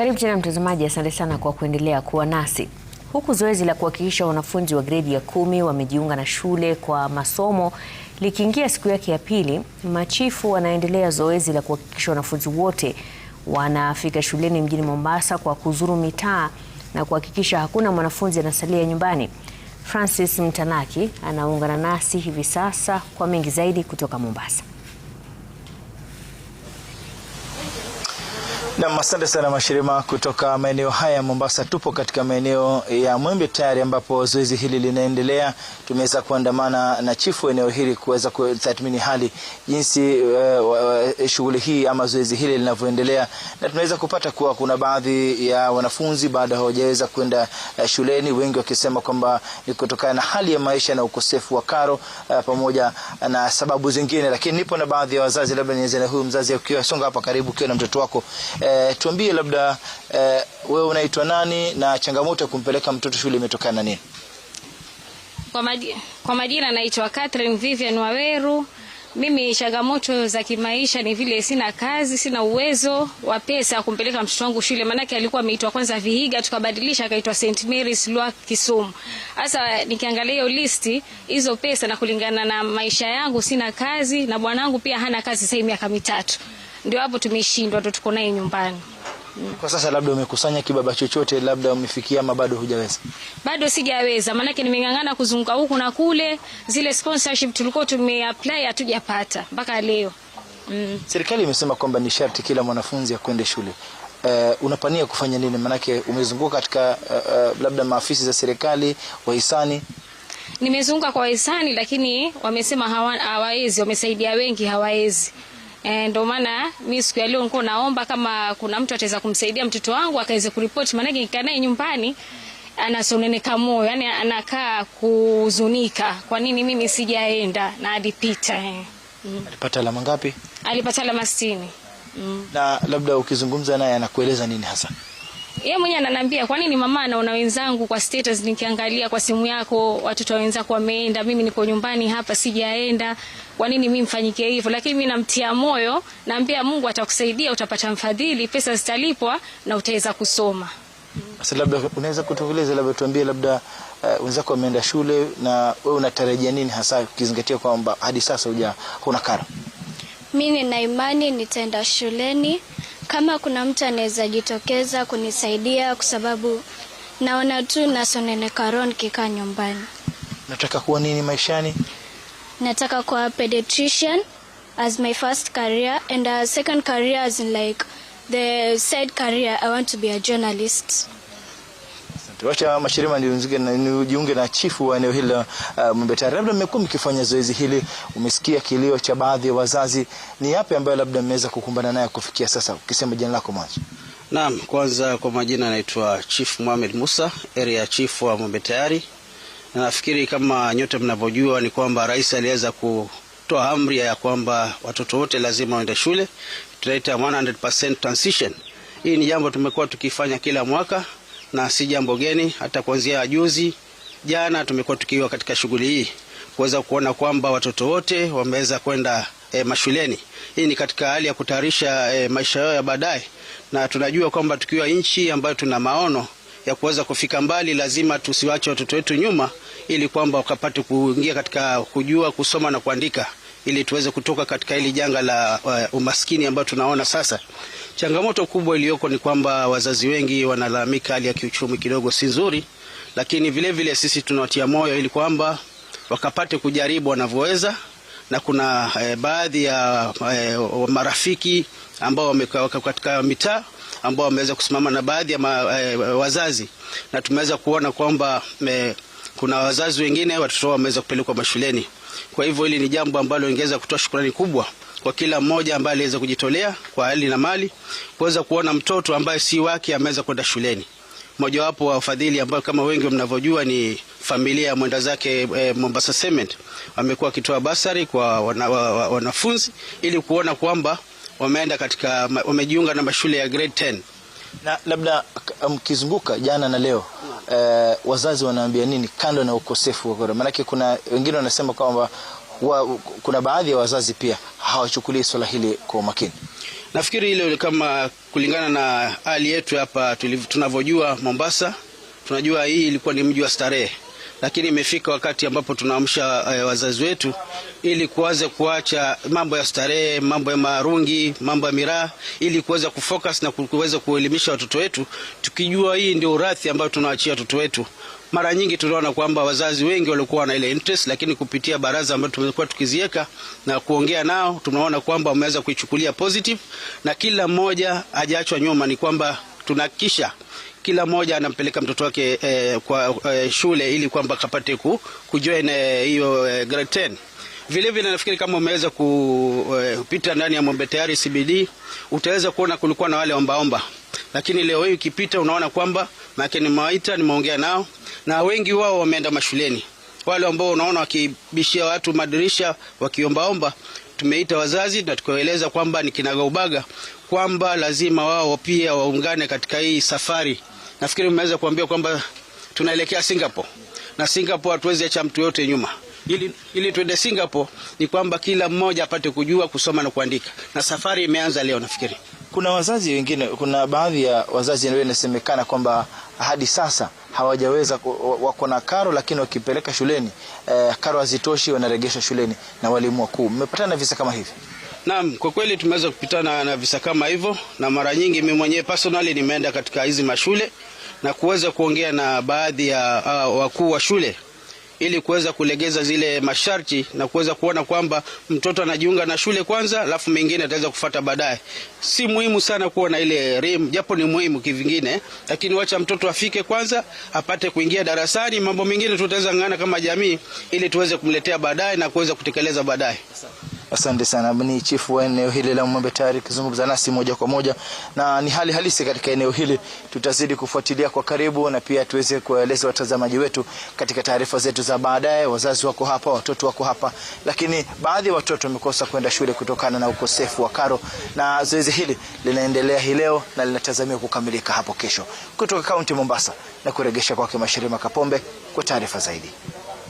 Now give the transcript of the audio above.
Karibu tena mtazamaji, asante sana kwa kuendelea kuwa nasi. Huku zoezi la kuhakikisha wanafunzi wa gredi ya kumi wamejiunga na shule kwa masomo likiingia siku yake ya pili, machifu wanaendelea zoezi la kuhakikisha wanafunzi wote wanafika shuleni mjini Mombasa kwa kuzuru mitaa na kuhakikisha hakuna mwanafunzi anasalia nyumbani. Francis Mtanaki anaungana nasi hivi sasa kwa mengi zaidi kutoka Mombasa. Nam, asante sana Mashirima. Kutoka maeneo haya ya Mombasa, tupo katika maeneo ya Mwembe tayari ambapo zoezi hili linaendelea. Tumeweza kuandamana na chifu eneo hili kuweza kutathmini hali jinsi uh, shughuli hii ama zoezi hili linavyoendelea, na tunaweza kupata kuwa kuna baadhi ya wanafunzi bado hawajaweza kwenda uh, shuleni, wengi wakisema kwamba ni kutokana na hali ya maisha na ukosefu wa karo uh, pamoja na sababu zingine, lakini nipo na baadhi ya wazazi, labda nianze na huyu mzazi, ukiwa songa hapa karibu, ukiwa na mtoto wako uh, eh, tuambie labda eh, wewe unaitwa nani na changamoto ya kumpeleka mtoto shule imetokana na nini? Kwa, maji, kwa majina naitwa Catherine Vivian Waweru. Mimi changamoto za kimaisha ni vile sina kazi, sina uwezo wa pesa ya kumpeleka mtoto wangu shule. Maanake alikuwa ameitwa kwanza Vihiga, tukabadilisha akaitwa St Mary's lua Kisumu. Sasa nikiangalia hiyo listi hizo pesa, na kulingana na maisha yangu, sina kazi na bwanangu pia hana kazi sasa miaka mitatu ndio hapo tumeshindwa, ndo tuko naye nyumbani. Kwa sasa labda umekusanya kibaba chochote, labda umefikia ama bado hujaweza? Bado sijaweza, maanake nimeng'ang'ana kuzunguka huku na kule, zile sponsorship tulikuwa tumeapply hatujapata mpaka leo. Mm. Serikali imesema kwamba ni sharti kila mwanafunzi akwende shule. Uh, unapania kufanya nini? Maanake umezunguka katika uh, uh, labda maafisi za serikali, wahisani nimezunguka kwa wahisani, lakini wamesema hawawezi, wamesaidia wengi hawawezi. E, eh, ndio maana mimi siku ya leo nilikuwa naomba kama kuna mtu ataweza kumsaidia mtoto wangu akaweze kuripoti, maana nikikaa naye nyumbani anasoneneka moyo, yani anakaa kuhuzunika, kwa nini mimi sijaenda na alipita eh. Mm. Alipata alama ngapi? Alipata alama 60. Mm. Na labda ukizungumza naye anakueleza nini hasa? Yeye mwenyewe ananiambia kwa nini mama, naona wenzangu kwa status, nikiangalia kwa simu yako watoto wenzako wameenda, mimi niko nyumbani hapa sijaenda. Kwa nini mimi mfanyike hivyo? Lakini mimi namtia moyo, naambia Mungu atakusaidia, utapata mfadhili, pesa zitalipwa na utaweza kusoma. Sasa labda unaweza kutueleza, labda tuambie, labda uh, wenzako wameenda shule na wewe unatarajia nini hasa, ukizingatia kwamba hadi sasa huja huna karo? Mimi nina imani nitaenda shuleni kama kuna mtu anaweza jitokeza kunisaidia, kwa sababu naona tu nasononeka roho nikikaa nyumbani. Nataka kuwa nini maishani? Nataka kuwa pediatrician as my first career and a second career as in like the side career I want to be a journalist. Tuacha Mashirima nijiunge na chifu wa eneo hili la uh, Mwembetare. Labda mmekuwa mkifanya zoezi hili, umesikia kilio cha baadhi ya wazazi, ni yapi ambayo labda mmeweza kukumbana nayo kufikia sasa, ukisema jina lako mwanzo? Naam, kwanza kwa majina anaitwa Chief Mohamed Musa, area chief wa Mwembetare. Na nafikiri kama nyote mnavyojua ni kwamba rais aliweza kutoa amri ya kwamba watoto wote lazima waende shule, tunaita 100% transition. Hii ni jambo tumekuwa tukifanya kila mwaka na si jambo geni. Hata kuanzia juzi jana tumekuwa tukiwa katika shughuli hii kuweza kuona kwamba watoto wote wameweza kwenda e, mashuleni. Hii ni katika hali ya kutayarisha e, maisha yao ya baadaye, na tunajua kwamba tukiwa nchi ambayo tuna maono ya kuweza kufika mbali, lazima tusiwache watoto wetu nyuma, ili kwamba wakapate kuingia katika kujua kusoma na kuandika, ili tuweze kutoka katika hili janga la uh, umaskini ambayo tunaona sasa. Changamoto kubwa iliyoko ni kwamba wazazi wengi wanalalamika hali ya kiuchumi kidogo si nzuri, lakini vile vile sisi tunawatia moyo ili kwamba wakapate kujaribu wanavyoweza, na kuna eh, baadhi ya eh, marafiki ambao wamekaa katika mitaa ambao wameweza kusimama na baadhi ya ma, eh, wazazi na tumeweza kuona kwamba eh, kuna wazazi wengine watoto wao wameweza kupelekwa mashuleni. Kwa hivyo hili ni jambo ambalo ingeweza kutoa shukrani kubwa kwa kila mmoja ambaye aliweza kujitolea kwa hali na mali kuweza kuona mtoto ambaye si wake ameweza kwenda shuleni. Mojawapo wa wafadhili ambao kama wengi mnavyojua ni familia ya mwenda zake e, Mombasa Cement wamekuwa wakitoa basari kwa wana, wa, wanafunzi ili kuona kwamba wameenda katika wamejiunga na mashule ya grade 10 na labda um, mkizunguka jana na leo eh, wazazi wanaambia nini kando na ukosefu wa gharama? Maanake kuna wengine wanasema kwamba kuna baadhi ya wazazi pia hawachukulii swala hili kwa umakini? Nafikiri hilo kama kulingana na hali yetu hapa tunavyojua Mombasa, tunajua hii ilikuwa ni mji wa starehe, lakini imefika wakati ambapo tunaamsha e, wazazi wetu ili kuwaze kuacha mambo ya starehe, mambo ya marungi, mambo ya miraa, ili kuweza kufocus na kuweza kuelimisha watoto wetu, tukijua hii ndio urathi ambao tunawachia watoto wetu mara nyingi tunaona kwamba wazazi wengi walikuwa na ile interest, lakini kupitia baraza ambayo tumekuwa tukiziweka na kuongea nao, tunaona kwamba wameweza kuichukulia positive na kila mmoja hajaachwa nyuma. Ni kwamba tunahakikisha kila mmoja anampeleka mtoto wake eh, kwa eh, shule ili kwamba akapate ku, kujoin eh, hiyo eh, eh, grade 10. Vile vile nafikiri kama umeweza eh, kupita ndani ya Mombe Tayari CBD utaweza kuona kulikuwa na wale ombaomba omba. Lakini leo hii ukipita unaona kwamba maake nimewaita, nimeongea nao na wengi wao wameenda mashuleni. Wale ambao unaona wakibishia watu madirisha wakiombaomba, tumeita wazazi na tukaeleza kwamba ni kinagaubaga, kwamba lazima wao pia waungane katika hii safari. Nafikiri mmeweza kuambia kwamba tunaelekea Singapore na Singapore hatuwezi acha mtu yote nyuma. Ili, ili tuende Singapore ni kwamba kila mmoja apate kujua kusoma na kuandika, na safari imeanza leo nafikiri. Kuna wazazi wengine, kuna baadhi ya wazazi ndio inasemekana kwamba hadi sasa hawajaweza wako na karo, lakini wakipeleka shuleni eh, karo hazitoshi, wanaregeshwa shuleni na walimu wakuu. Mmepatana na visa kama hivi? Naam, kwa kweli tumeweza kupitana na visa kama hivyo, na mara nyingi mimi mwenyewe personally nimeenda katika hizi mashule na kuweza kuongea na baadhi ya uh, wakuu wa shule ili kuweza kulegeza zile masharti na kuweza kuona kwamba mtoto anajiunga na shule kwanza, alafu mengine ataweza kufata baadaye. Si muhimu sana kuwa na ile rim, japo ni muhimu kivingine, lakini wacha mtoto afike kwanza, apate kuingia darasani. Mambo mengine tutaweza ng'ana kama jamii, ili tuweze kumletea baadaye na kuweza kutekeleza baadaye. Asante sana ni chifu wa eneo hili la Mwembe tayari akizungumza nasi moja kwa moja, na ni hali halisi katika eneo hili. Tutazidi kufuatilia kwa karibu na pia tuweze kueleza watazamaji wetu katika taarifa zetu za baadaye. Wazazi wako hapa, watoto wako hapa, lakini baadhi ya watoto wamekosa kwenda shule kutokana na ukosefu wa karo, na zoezi hili linaendelea hii leo na linatazamiwa kukamilika hapo kesho. Kutoka kaunti Mombasa na kuregesha kwake Mashirima Kapombe kwa taarifa zaidi.